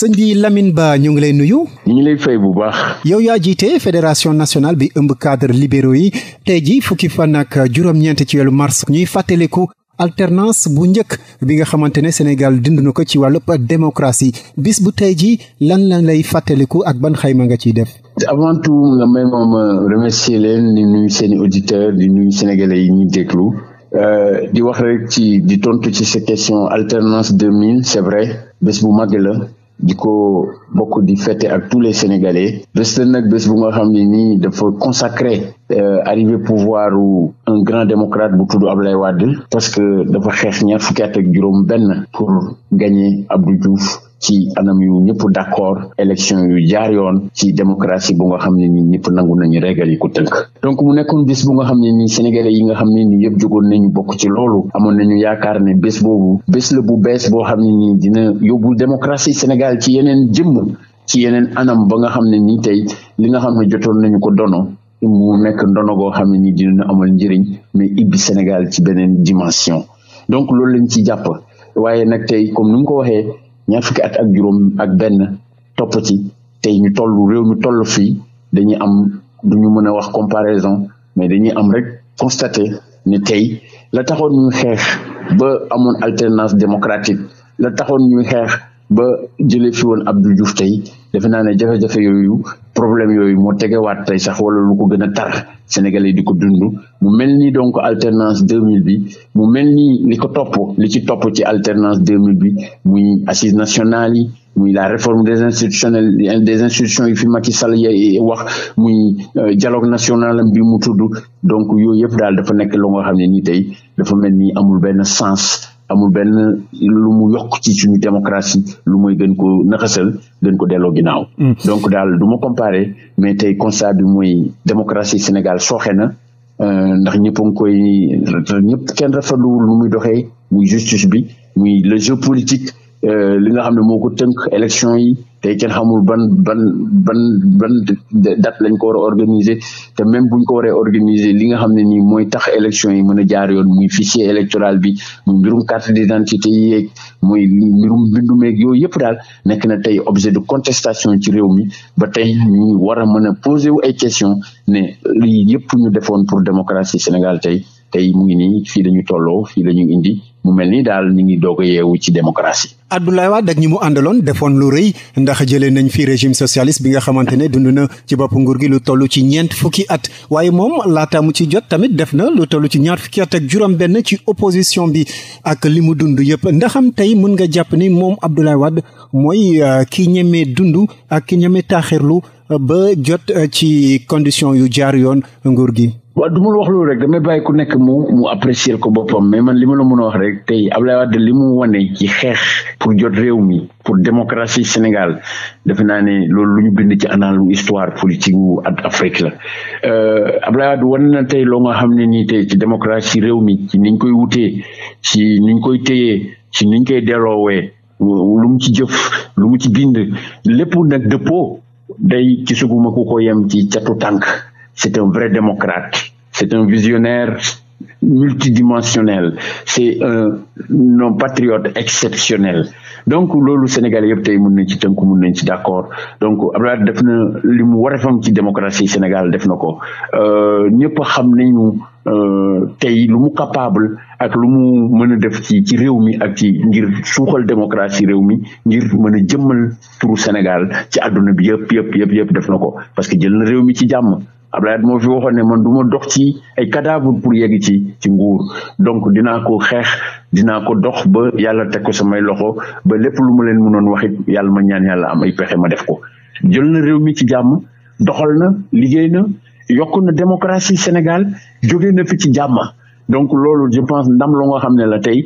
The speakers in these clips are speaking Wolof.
sëñ bi Lamine Ba ñu ngi lay nuyu. ñu lay fay bu baax. yow yaa jiite fédération nationale bi ëmb cadre libéraux yi tey ji fukki fan ak juróom-ñeent ci weeru mars ñuy fàttaliku. alternance bu njëkk bi nga xamante ne Sénégal dund na ko ci wàllub démocratie bis bu tey ji lan lan lay fàttaliku ak ban xayma nga ciy def. avant tout nga may moom remercier leen di nuyu seen i auditeurs di nuyu sénégalais yi ñu déglu euh, di wax rek ci di tontu ci sa question alternance 2000 c'est vrai bés bu la di ko bokk di fête ak tous les sénégalais bés la nag bés bu nga xam ne nii dafa consacré Euh, arrivé pouvoir u un grand démocrate bu tudd Abdoulaye Wade parce que dafa xeex ñaar fukki at juróom benn pour gagner Abdou juuf ci anam yu ñëpp d'accord élection yu jaar yoon ci démocratie bu nga xam ne ni ñëpp nangu nañu régal yi ko tënk donc mu nekkoon bés bu nga xam ne ni sénégalais yi nga xam ne ni yëpp jógoon nañu bokk ci loolu amoon nañu yaakaar ne bés boobu bés la bu bees boo xam ne ni dina yóbbul démocratie Sénégal ci yeneen jëmm ci yeneen anam ba nga xam ne ni tey li nga xam ne jotoon nañu ko dono mu nekk ndono goo xam ne ni dinañu amal njëriñ mais ibbi Sénégal ci beneen dimension donc loolu lañ ci jàpp waaye nag tey comme ni mu ko waxee ñaar fukki at ak juróom ak benn topp ci tey ñu toll réew mi toll fii dañuy am duñu mën a wax comparaison mais dañuy am rek constaté ne tey la taxoon ñu xeex ba amoon alternance démocratique la taxoon ñu xeex ba jëlee fi woon Abdou Diouf tey defe naa ne jafe-jafe yooyu problème yooyu moo tegewaat tey sax wala lu ko gën a tar Sénégalais yi di ko dundu mu mel nii donc alternance mille bi mu mel ni li ko topp li ci topp ci alternance deux mille bi muy assises nationale yi muy la réforme des institutionnels des institutions yi fi sal Sall yi wax muy euh, dialogue national bi mu tudd donc yooyu yëpp daal dafa nekk lu nga xam ne nii tey dafa mel nii amul benn sens. amul benn lu mu yokk ci suñu démocratie lu muy gën ko naxasal gën ko delloo ginnaaw. Mm. donc daal du ma comparer mais tey constat bi mooy démocratie Sénégal sooxe na euh, ndax ñëpp koy ñëpp kenn rafetluwul lu muy doxee muy justice bi muy le jeu politique euh, li nga xam ne moo ko tënk élection yi. te kenn xamul ban ban ban ban date lañ ko war a organiser te même buñ ko waree organiser li nga xam ne nii mooy tax élection yi mën a jaar yoon muy fichier électoral bi muy mbirum carte d'identité yi yeeg muy mbirum mbindu bindumeeg yooyu yëpp daal nekk na tey objet de contestation ci réew mi ba tey ñu war a mën a poser wu ay question ne lii yëpp ñu defoon pour démocratie Sénégal tey tey mu ngi nii fii la ñu tolloo fii la ñu indi mu mel ni daal ñu ngi doog yeewu ci démocratie. Abdoulaye Wade ak ñi mu àndaloon defoon lu rëy ndax jëlee nañ fi régime socialiste bi nga xamante ne dund na ci bopp nguur gi lu tollu ci ñeent fukki at waaye moom laata mu ci jot tamit def na lu toll ci ñaar fukki at ak juróom-benn ci opposition bi ak li mu dund yëpp ndaxam tey mun nga jàpp ni moom Abdoulaye Wade mooy euh, ki ñemee dund ak ki ñemee taaxirlu euh, ba jot euh, ci condition yu jaar yoon nguur gi. waaw du ma wax loolu rek damay bàyyi ku nekk mu mu apprécier ko boppam mais man li ma la mën a wax rek tey Abdoulaye Wade li mu wane ci xeex pour jot réew mi pour démocratie Sénégal defe naa ne loolu lu ñu bind ci analu histoire politique wu ak Afrique la euh, Abdoulaye Wade wane na tey loo nga xam ne nii tey ci démocratie réew mi ci niñ koy wutee ci niñ koy téyee ci niñ koy delloo delloowee lu mu ci jëf lu mu ci bind lépp nag dëppoo day ci suguma ku ko yem ci catu tànk c'est un vrai démocrate, c'est un visionnaire multidimensionnel, c'est un, un patriote exceptionnel. donc loolu Sénégal yëpp tey mun nañ ci tënk mun nañ ci d' accord donc Abdoulaye Wade def na li mu war a fam ci démocratie Sénégal def na ko euh, ñëpp xam nañu euh, tey lu mu capable ak lu mu mën a def ci ci réew mi ak ci ngir suuxal démocratie réew mi ngir mën a jëmmal turu Sénégal ci àdduna bi yëpp yëpp yëpp yëpp def na ko parce que jël na réew mi ci jàmm. Abdoulaye moo fi waxoon ne man du ma dox ci ay cadavre pour yegg ci ci nguur donc dinaa ko xeex dinaa ko dox ba yàlla teg ko samay loxo ba lépp lu ma leen mënoon wax it yàlla ma ñaan yàlla am ay pexe ma def ko jël na réew mi ci jàmm doxal na liggéey na yokk na démocratie Sénégal jóge na fi ci jàmm donc loolu je pense ndam la xam ne la tey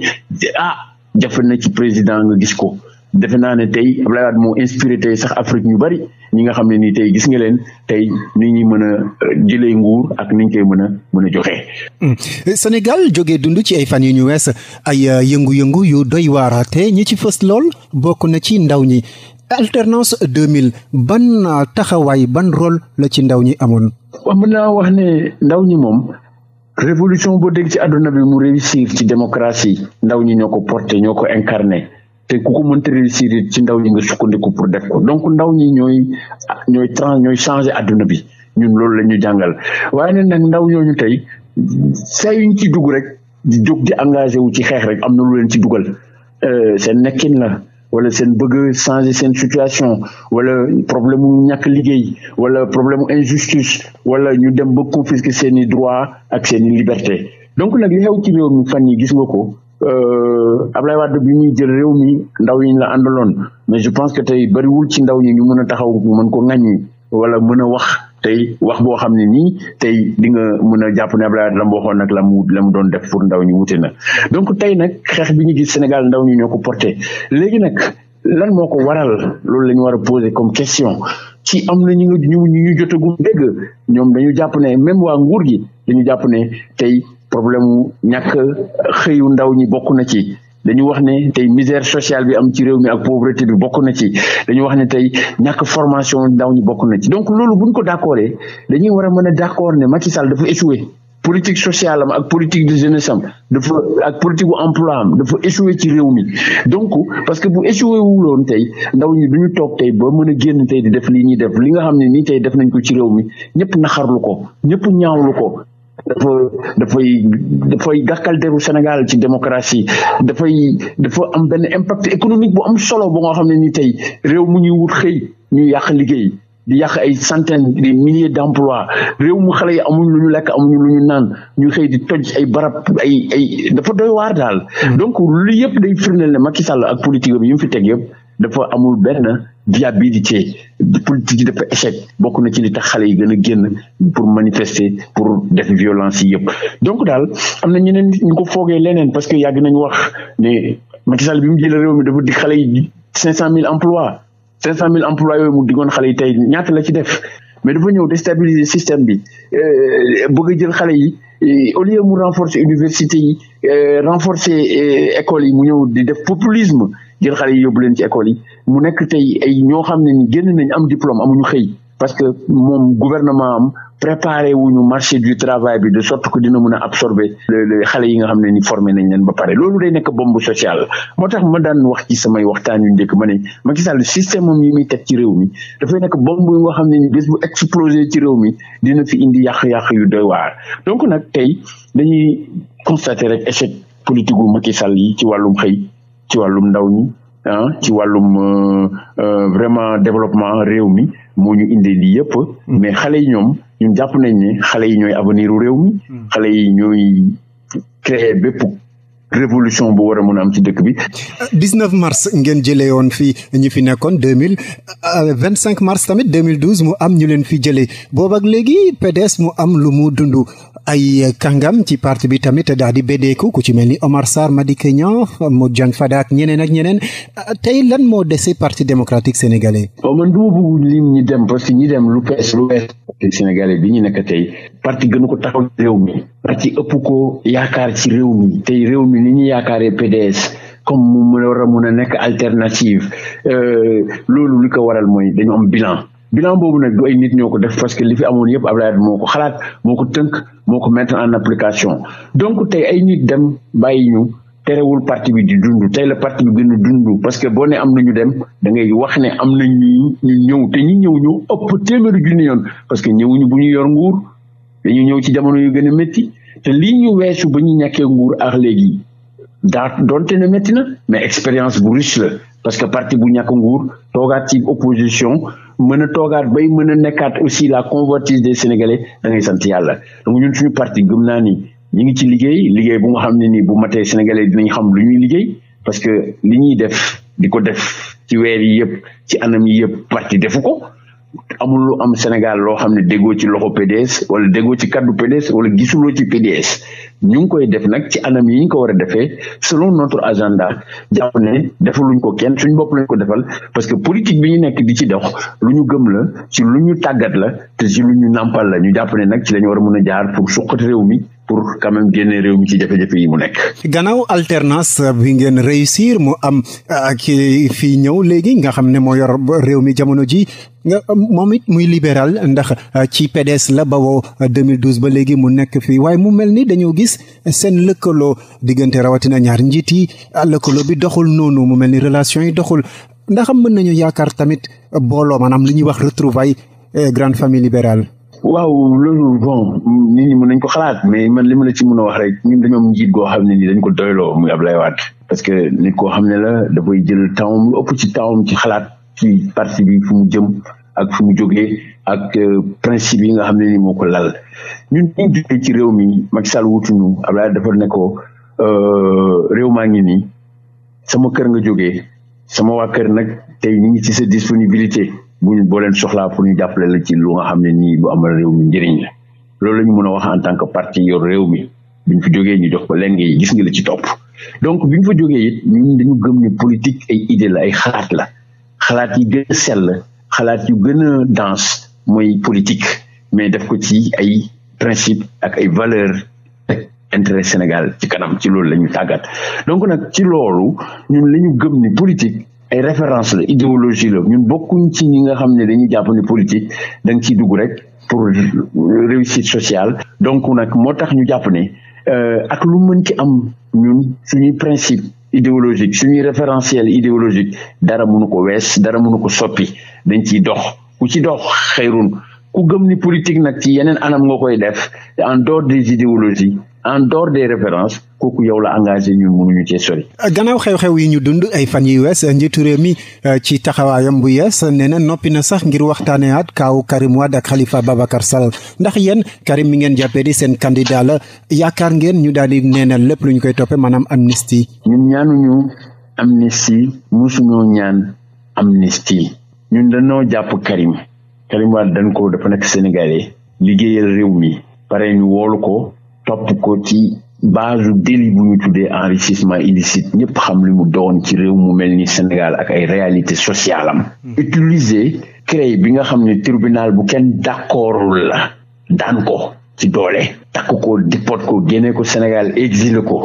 ah jafe na ci président nga gis ko defe naa ne tey Abdoulaye Wade moo inspiré tey sax Afrique ñu bari ñi nga xam ne nii tey gis nga leen tey ni ñuy mën a euh, jëlee nguur ak ni ñu koy mën a mën joxe. Hmm. Sénégal jógee dund ci ay fan yu ñu wees ay euh, yëngu-yëngu yu doy waaraate ñi ci fës lool bokk na ci ndaw ñi alternance 2000 ban taxawaay ban rôle la ci ndaw ñi amoon. waaw mën naa wax ne ndaw ñi moom. révolution boo dégg ci àdduna bi mu réussir ci démocratie ndaw ñi ñoo ko porté ñoo ko incarné te ku ko mënta réussir ci ndaw ñi nga sukkandiku pour def ko donc ndaw ñi ñooy ñooy trans ñooy changer adduna bi ñun loolu la ñu jàngal waaye ne nag ndaw ñooñu tey saa yuñ ci dugg rek di jóg di engagé wu ci xeex rek am na lu leen ci dugal euh, seen nekkin la wala seen bëgg changer seen situation wala problème mu ñàkk liggéey wala problème injustice wala ñu dem ba confisquer seen i droit ak seen i liberté donc nag li ci réew mi fan yi gis nga ko Euh, Ablaye Wade bi ñu jël réew mi ndaw yi ñu la àndaloon mais je pense que tey bariwul ci ndaw ñi ñu mën a taxaw mën ko ŋaññi wala mën a wax tey wax boo xam ne nii tey di nga mën a jàpp ne Ablaye Wade la nag la mu la mu doon def pour ndaw ñi wute na donc tey nag xeex bi ñu gis Sénégal ndaw ñi ñoo ko porté léegi nag lan moo ko waral loolu la ñu war a posé comme question ci am na ñu ñu ñu jotagum dégg ñoom dañu jàpp ne même waa nguur gi dañu jàpp ne tey problème mu ñàkk xëyu ndaw ñi bokk na ci dañu wax ne tey misère sociale bi am ci réew mi ak pauvreté bi bokk na ci dañu wax ne tey ñàkk formation ndaw ñi bokk na ci donc loolu buñ ko d'accordee dañuy war a mën a d'accord ne Macky Sall dafa échoué politique sociale am ak politique de jeunesse am dafa ak politique bu emploi am dafa échoué ci réew mi donc parce que bu échoué wuloon tey ndaw ñi du ñu toog tey ba mën a génn tey di def lii ñuy def li nga xam ne nii tey def nañ ko ci réew mi ñëpp naxarlu ko ñëpp ñaawlu ko dafa dafay dafay gàkkal deru Sénégal ci démocratie dafay dafa am benn impact économique bu am solo ba nga xam ne ni tey réew mu ñuy wut xëy ñu yàq liggéey di yàq ay centaines des milliers d' emplois réew mu xale yi amuñ lu ñu lekk amuñu lu ñu naan ñu xëy di toj ay barab ay ay dafa doy waar daal hmm. donc lu yëpp day firndeel ne Macky Sall ak politique yi mu fi teg yëpp dafa amul benn viabilité politique yi dafa échec bokk na ci li tax xale yi gën a génn pour manifester pour def violence yi yëpp donc daal am na ñeneen ñu ko foogee leneen parce que yàgg nañu wax ne Macky Sall bi mu jëlee réew mi dafa di xale yi cinq cent mille emplois cinq cent mille emplois yooyu mu diggoon xale yi tey ñaatala la ci def mais dafa ñëw déstabiliser système bi euh, bëgg a jël xale yi euh, au lieu mu renforcer université yi euh, renforcer école yi mu ñëw di def populisme jël xale yi yóbbu leen ci école yi mu nekk tey ay ñoo xam ne ni génn nañ am diplôme amuñu xëy parce que moom gouvernement am préparé wuñu marché du travail bi de sorte que dina mën a absorber xale yi nga xam ne ni formé nañ leen ba pare loolu day nekk bombe sociale moo tax ma daan wax ci samay waxtaan yu njëkk ma ne Macky Sall système moom yi muy teg ci réew mi dafay nekk bombe yu nga xam ne ni bés bu explosé ci réew mi dina fi indi yàq-yàq yu doy waar donc nag tey dañuy constater rek échec politique gu Macky Sall yi ci wàllum xëy ci wàllum ndaw mi ah ci wàllum euh, euh, vraiment développement réew mi moo ñu indi lii yëpp. Mm. mais xale yi ñoom ñun jàpp nañ ne xale yi ñooy avenir réew mi. Mm. xale yi ñooy créer bépp. révolution boo wara mun am ci dëkk bi. 19 mars ngeen jëlee woon fii ñi fi nekkoon 2000 25 euh, mars tamit 2012 mu am ñu leen fi jëlee boobaak ak léegi PDS mu am lu mu dund ay kàngam ci parti bi tamit daal di beddeeku ku ci mel ni Omar Sarr Madické Niang Modou Fada ak ñeneen ak ñeneen tey lan moo dese parti démocratique sénégalais. waaw man duma bëgg lim ñi dem parce que ñi dem lu PS lu PS sénégalais bi ñu nekk tey parti gënu ko taxaw réew mi parti ëpp ko yaakaar ci réew mi tey réew mi ni ñu yaakaaree PDS. comme mu war a mun a nekk alternative euh, loolu li ko waral mooy dañu am bilan bilan boobu nag du ay nit ñoo ko def parce que li fi amoon yëpp Abdoulaye moo ko xalaat moo ko tënk moo ko mettre en application donc tey ay nit dem bàyyi ñu terewul parti bi di dund tey la parti bi dund parce que boo ne am nañu dem da ngay wax ne am na ñu ñu ñëw te ñu ñu ëpp téeméeri yoon parce que ñëwuñu bu ñu yor nguur dañu ñëw ci jamono yu gën métti te lii ñu weesu ba ñu ñàkkee nguur ak léegi daa doonte ne métti na mais expérience bu riche la parce que parti bu ñàkk nguur toogaat ci opposition mën a toogaat bay mën a nekkaat aussi la convoitise des sénégalais da ngay sant yàlla donc ñun suñu parti gëm naa ni ñu ngi ci liggéey liggéey bu nga xam ne ni bu matee sénégalais ñu xam lu ñuy liggéey parce que li ñuy def di ko def ci weer yi yëpp ci anam yi yëpp parti defu ko amul lu am Sénégal loo xam ne déggoo ci loxo PDS wala déggoo ci kaddu PDS wala gisuloo ci PDS ñu ngi koy def nag ci anam yi ñu ko war a defee selon notre agenda jàpp ne defaluñ ko kenn suñ bopp lañ ko defal parce que politique bi ñu nekk di ci dox lu ñu gëm la ci lu ñu tàggat la te ci lu ñu nàmpal la ñu jàpp ne nag ci la ñu war a mën a jaar pour suqat réew mi pour quand même génne réew mi ci jafe yi mu nekk. gannaaw alternance bi ngeen réussir mu am ah, ki fii ñëw léegi nga xam ne moo yor mi jamono ji nga moom it muy libéral ndax ah, ci pedes la bawoo 2012 ba léegi mu nekk fii waaye mu mel ni dañoo gis seen lëkkaloo diggante rawatina ñaar njiit yi ah, lëkkaloo bi doxul noonu mu mel ni relation yi doxul ndax mën nañu yaakaar tamit booloo maanaam li ñuy wax retrouvaille eh, grande famille libérale. waaw loolu bon nit ñi mën nañ ko xalaat mais man li ma la ci mën a wax rek ñun dañoo am njiit goo xam ne ni dañ ko doyloo muy Abdoulaye Wade parce que nit koo xam ne la dafay jël temps lu ëpp ci temps ci xalaat ci parti bi fu mu jëm ak fu mu jógee ak euh, principe yi nga xam ne ni moo ko lal ñun ñu jógee ci réew mi Macky Sall wutuñu Abdoulaye dafa ne ko euh, réew maa ngi nii sama kër nga jógee sama waa kër nag tey ñu ngi ci sa disponibilité bu boo leen soxlaa pour ñu jàppale ci lu nga xam ne nii lu amal réew mi njëriñ la loolu la ñu mën a wax en tant que parti yor réew mi bi ñu fa jógee ñu jox ko leen ngay gis nga la ci topp donc bi ñu fa jógee it ñun dañu gëm ne politique ay idée la ay xalaat la xalaat yi gën a sell xalaat yu gën a dense mooy politique mais def ko ci ay principe ak ay valeur ak Sénégal ci kanam ci loolu la ñu tàggat donc nag ci loolu ñun la gëm ne politique ay référence la idéologie la ñun bokkuñ ci ñi nga xam ne dañuy jàpp ne politique da nga ciy dugg rek pour réussite sociale donc nag moo tax ñu jàpp ne euh, ak lu mën ci am ñun suñuy principe idéologique suñuy référentiel idéologique dara mënu ko wees dara mënu ko soppi dañ ciy dox ku ci dox xëyrun ku gëm ni politique nag ci yeneen anam nga koy def en dehors des idéologies en dehors des références kooku yow la engagé ñun mënuñu cee sori. Euh, gannaaw xew-xew yi ñu dund ay fan yi wees njiitu réew mi euh, ci taxawaayam bu yees nee na noppi na sax ngir waxtaanee waxtaaneaat kaaw Karim Wade ak Khalifa Babacar Sall ndax yéen Karim mi ngeen jàppee di seen candidat la yaakaar ngeen ñu daal di neenal lépp lu ñu koy toppee maanaam amnistie. ñun ñaanuñu amnistie musuñoo ñaan amnistie. ñun dañoo jàpp Karim. Karim Wade dañ ko dafa nekk Sénégalais liggéeyal réew mi. pare ko. topp ko ci base délit bu ñu tuddee enrichissement illicite ñëpp xam li mu doon ci réew mu mel ni Sénégal ak ay réalité sociale am hmm. utiliser CREI bi nga xam ne tribunal bu kenn d'accordul la daan ko ci doole takk ko dipot ko génne ko Sénégal exilé ko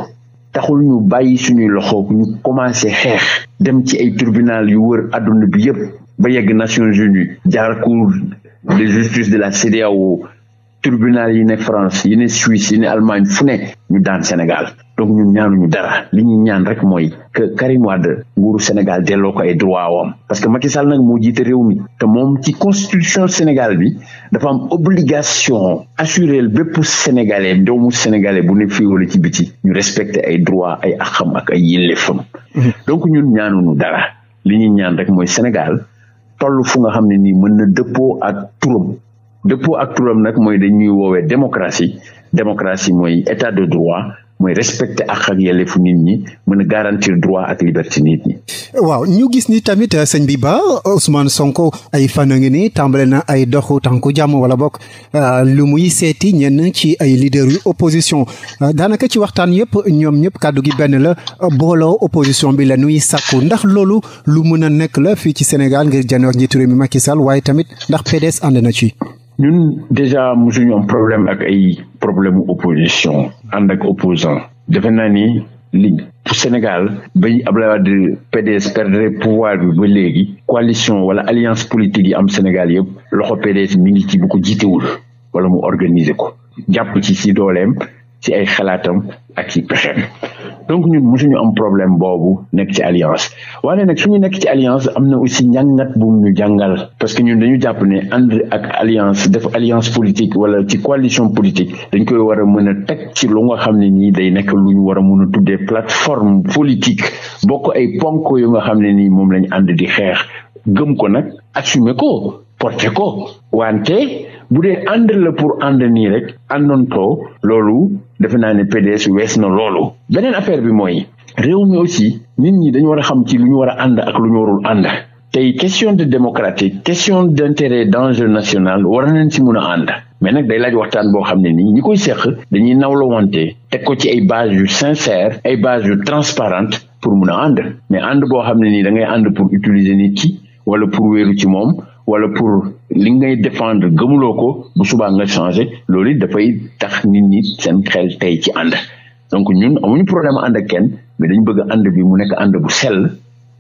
taxul ñu bàyyi suñuy loxo ku ñu commencé xeex dem ci ay tribunal yu wër àdduna bi yépp ba yegg Nations Unies jaar cour de de la CEDEAO tribunal yi ne France yi ne Suisse yi ne Allemagne fu ne ñu daan Sénégal donc ñun ñu dara li ñu ñaan rek mooy que Karim Wade nguuru Sénégal delloo ko ay droit wam parce que Macky sal nag moo jiite réew mi te moom ci constitution Sénégal bi dafa am obligation assuré bépp sénégalais doomu sénégalais bu ne fii wala ci biti ñu respecter ay droit ay axam ak ay yelleefam mhm. donc ñun ñaanuñu dara li ñuy ñaan rek mooy Sénégal toll fu nga xam ne nii mën na dëppoo ak turam dëppoo ak turam nag mooy dañuy woowee démocratie démocratie mooy état de droit mooy respecter ak ak yelleefu nit ñi mën a garantir droit ak liberté nit ñi. waaw ñu gis ni tamit euh, sëñ bi ba euh, Ousmane Sonko ay fan a ngi na ay doxu tànku jàmm wala bokk euh, lu muy seeti ñenn ci ay leaders yu opposition daanaka ci waxtaan yëpp ñoom ñëpp kàddu gi benn la booloo opposition bi la nuy sàkku ndax loolu lu mën a nekk la fii ci Sénégal ngir janoor njiitu réew mi Macky Sall waaye tamit ndax PDS ànd na ci. ñun déjà mosuñu am problème ak ay problème mu opposition ànd ak opposant defe naa ni li Sénégal bañ Abdoulaye Wade PDS perdre pouvoir bi ba léegi coalition wala alliance politique yi am Sénégal yëpp loxo PDS mi ngi ci bu ko wala mu organiser ko jàpp ci si dooleem ci ay xalaatam ak ci pexeem donc ñun mosuñu am problème boobu nekk ci alliance waaye nag suñu nekk ci alliance am na aussi njàngat bu ñu jàngal parce que ñun dañu jàpp ne ànd ak alliance def alliance politique wala ci coalition politique dañ koy war a mën a teg ci lu nga xam ne nii day nekk lu ñu war a mën a tuddee plateforme politique bokk ay ponk yu nga xam ne nii moom lañ ànd di xeex gëm ko nag assumer ko porter ko wante bu dee ànd la pour ànd nii rek àndoon too loolu defe naa ne PDS wees na loolu beneen affaire bi mooy réew mi aussi nit ñi dañu war a xam ci lu ñu war a ànd ak lu ñu warul ànd tey question de démocratique question d' intérêt national war nañ ci mun a ànd mais nag day laaj waxtaan boo xam ne nii ñi koy seq dañuy nawla wante teg ko ci ay base yu sincère ay base yu transparente pour mun a ànd mais ànd boo xam ne nii da ngay ànd pour utiliser nit ki wala pour wéeru ci moom wala pour li ngay défendre gëmuloo ko bu subaa changé loolu it dafay tax nit ñi seen xel tey ci ànd donc ñun amuñu problème ànd ak kenn mais dañu bëgg ànd bi mu nekk ànd bu sel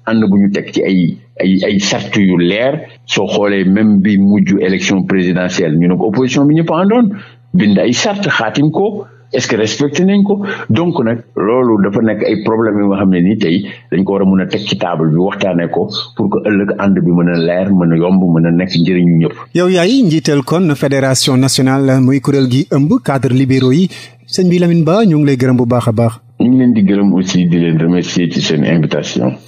ànd bu ñu teg ci ay ay ay sart yu leer soo xoolee même bi mujj élection présidentielle ñu ne ko opposition bi ñëpp àndoon bind ay sart xaatim ko est-ce que respecté nañ ko donc nag loolu dafa nekk ay problèmes yi xam ne nii tey dañ ko war a mën a teg ci table bi waxtaanee ko pour que ëllëg ànd bi mën a leer mën a yomb mën a nekk njëriñu ñëpp. yow yaay njiital kon fédération nationale muy kuréel gi ëmb cadre libéraux yi sëñ bi Lamine Ba ñu ngi lay gërëm bu baax a baax. ñu ngi leen di gërëm aussi di leen remercier ci seen invitation.